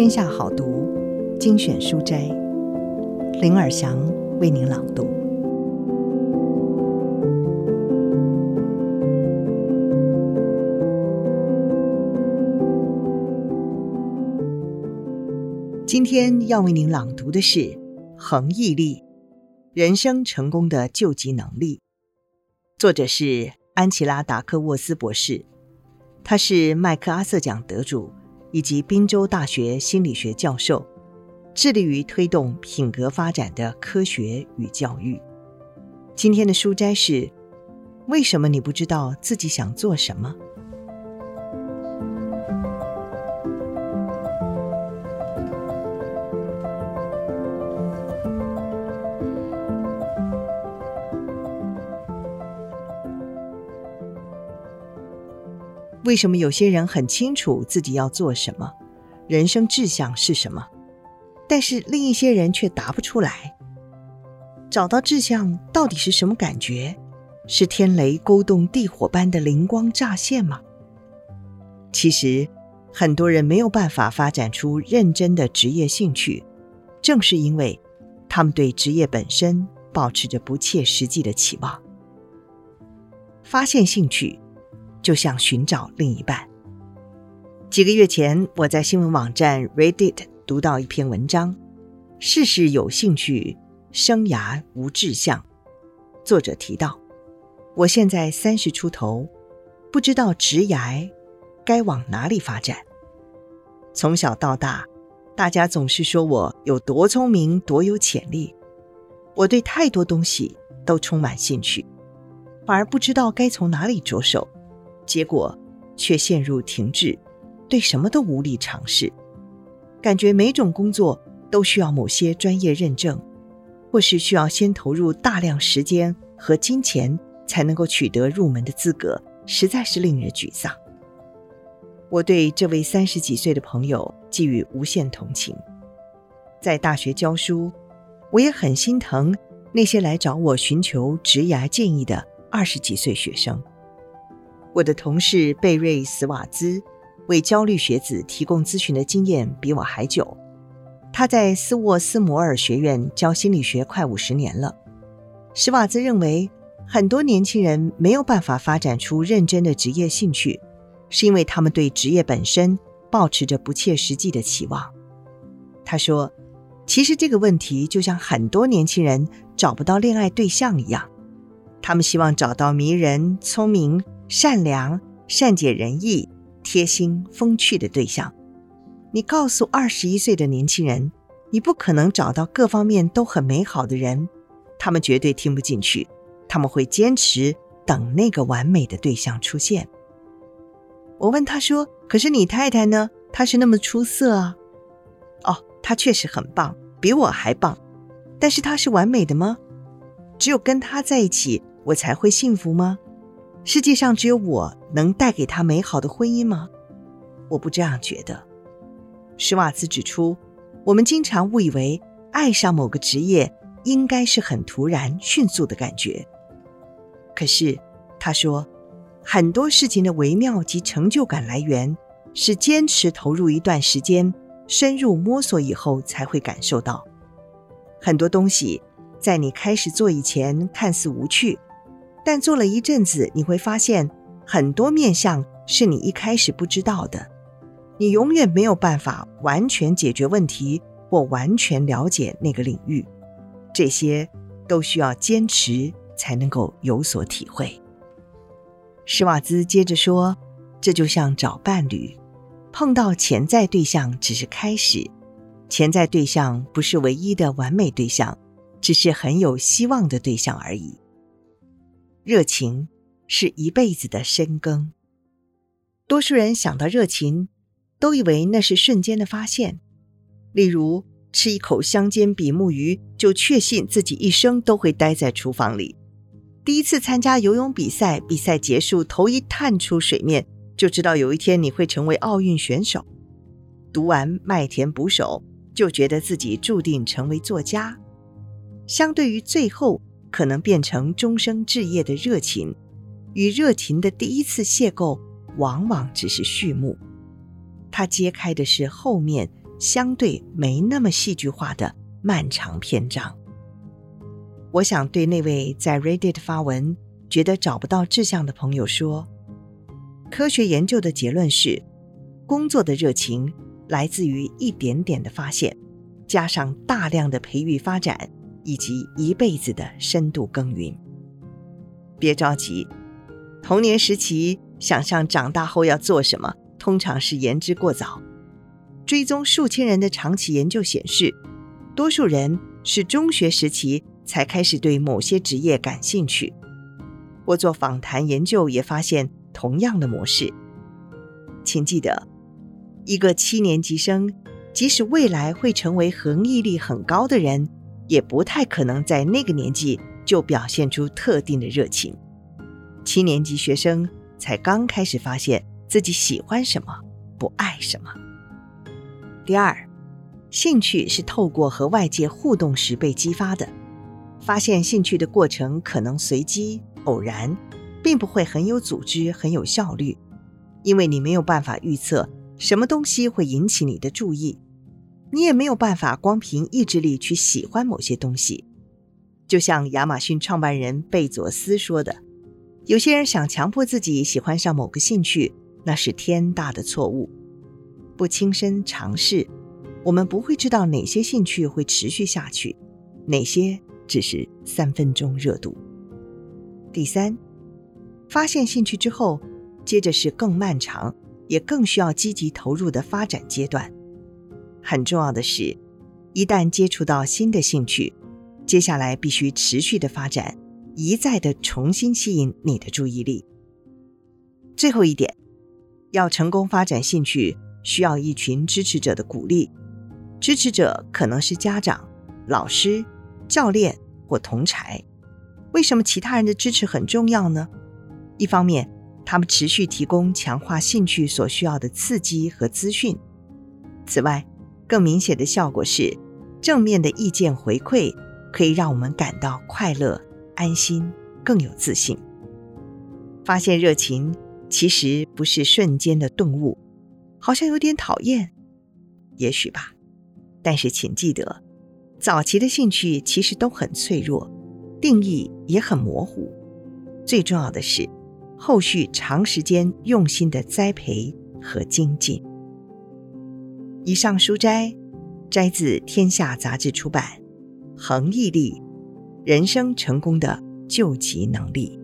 天下好讀精選書齋，林爾祥為您朗讀。今天要為您朗讀的是《恆毅力：人生成功的究極能力》，作者是安琪拉·達克沃斯博士，她是麥克阿瑟獎得主。以及賓州大學心理學教授，致力於推動品格發展的科學與教育。今天的書摘是：為什麼你不知道自己想做什麼？為什麼有些人很清楚自己要做什麼、人生志向是什麼，但是另一些人卻答不出來？找到志向到底是什麼感覺？是天雷勾動地火般的靈光乍現嗎？其實，很多人沒有辦法發展出認真的職業興趣，正是因為他們對職業本身保持着不切實際的期望。發現興趣。就像尋找另一半。幾個月前，我在新聞網站 Reddit 讀到一篇文章：“事事有興趣，生涯無志向。”作者提到：“我現在三十出頭，不知道職涯該往哪裡發展。從小到大，大家總是說我有多聰明、多有潛力。我對太多東西都充滿興趣，反而不知道該從哪裡着手。”結果卻陷入停滯，對什麼都無力嘗試，感覺每種工作都需要某些專業認證，或是需要先投入大量時間和金錢才能夠取得入門的資格，實在是令人沮喪。我對這位三十幾歲的朋友寄予無限同情。在大學教書，我也很心疼那些來找我尋求職涯建議的二十幾歲學生。我的同事貝瑞·斯瓦茲為焦慮學子提供諮詢的經驗比我還久。他在斯沃斯摩爾學院教心理學快五十年了。斯瓦茲認為，很多年輕人沒有辦法發展出認真的職業興趣，是因為他們對職業本身抱持着不切實際的期望。他說：“其實這個問題就像很多年輕人找不到戀愛對象一樣，他們希望找到迷人、聰明。”善良、善解人意、貼心、風趣的對象，你告訴二十一歲的年輕人，你不可能找到各方面都很美好的人，他們絕對聽不進去，他們會堅持等那個完美的對象出現。我問他說：“可是你太太呢？她是那麼出色啊！哦，她確實很棒，比我還棒。但是她是完美的嗎？只有跟她在一起，我才會幸福嗎？”世界上只有我能帶給他美好的婚姻嗎？我不這樣覺得。施瓦茨指出，我們經常誤以為愛上某個職業應該是很突然、迅速的感覺。可是，他說，很多事情的微妙及成就感來源是堅持投入一段時間、深入摸索以後才會感受到。很多東西在你開始做以前看似無趣。但做了一陣子，你會發現很多面向是你一開始不知道的。你永遠沒有辦法完全解決問題或完全了解那個領域，這些都需要堅持才能夠有所體會。史瓦茲接着說：“這就像找伴侶，碰到潛在對象只是開始，潛在對象不是唯一的完美對象，只是很有希望的對象而已。”熱情是一輩子的深耕。多數人想到熱情，都以為那是瞬間的發現，例如吃一口香煎比目魚就確信自己一生都會待在廚房裡；第一次參加游泳比賽，比賽結束頭一探出水面，就知道有一天你會成為奧運選手；讀完《麥田捕手》，就覺得自己注定成為作家。相對於最後，可能變成終生志業的熱情，與熱情的第一次邂逅，往往只是序幕。它揭開的是後面相對沒那麼戲劇化的漫長篇章。我想對那位在 Reddit 發文覺得找不到志向的朋友說：科學研究的結論是，工作的熱情來自於一點點的發現，加上大量的培育發展。以及一輩子的深度耕耘。別着急，童年時期想象長大後要做什麼，通常是言之過早。追蹤數千人的長期研究顯示，多數人是中學時期才開始對某些職業感興趣。我做訪談研究也發現同樣的模式。請記得，一個七年級生，即使未來會成為恆毅力很高的人。也不太可能在那個年紀就表現出特定的熱情。七年級學生才剛開始發現自己喜歡什麼，不愛什麼。第二，興趣是透過和外界互動時被激發的，發現興趣的過程可能隨機、偶然，並不會很有組織、很有效率，因為你沒有辦法預測什麼東西會引起你的注意。你也沒有辦法光憑意志力去喜歡某些東西，就像亞馬遜創辦人貝佐斯說的：“有些人想強迫自己喜歡上某個興趣，那是天大的錯誤。不親身嘗試，我們不會知道哪些興趣會持續下去，哪些只是三分鐘熱度。”第三，發現興趣之後，接着是更漫長，也更需要積極投入的發展階段。很重要的是，一旦接觸到新的興趣，接下來必須持續的發展，一再的重新吸引你的注意力。最後一點，要成功發展興趣，需要一群支持者的鼓勵。支持者可能是家長、老師、教練或同儕。為什麼其他人的支持很重要呢？一方面，他們持續提供強化興趣所需要的刺激和資訊。此外，更明顯的效果是，正面的意見回饋可以讓我們感到快樂、安心、更有自信。發現熱情其實不是瞬間的頓悟，好像有點討厭，也許吧。但是請記得，早期的興趣其實都很脆弱，定義也很模糊。最重要的是，後續長時間用心的栽培和精進。以上書摘摘自《天下》雜誌出版，《恆毅力》人生成功的究極能力。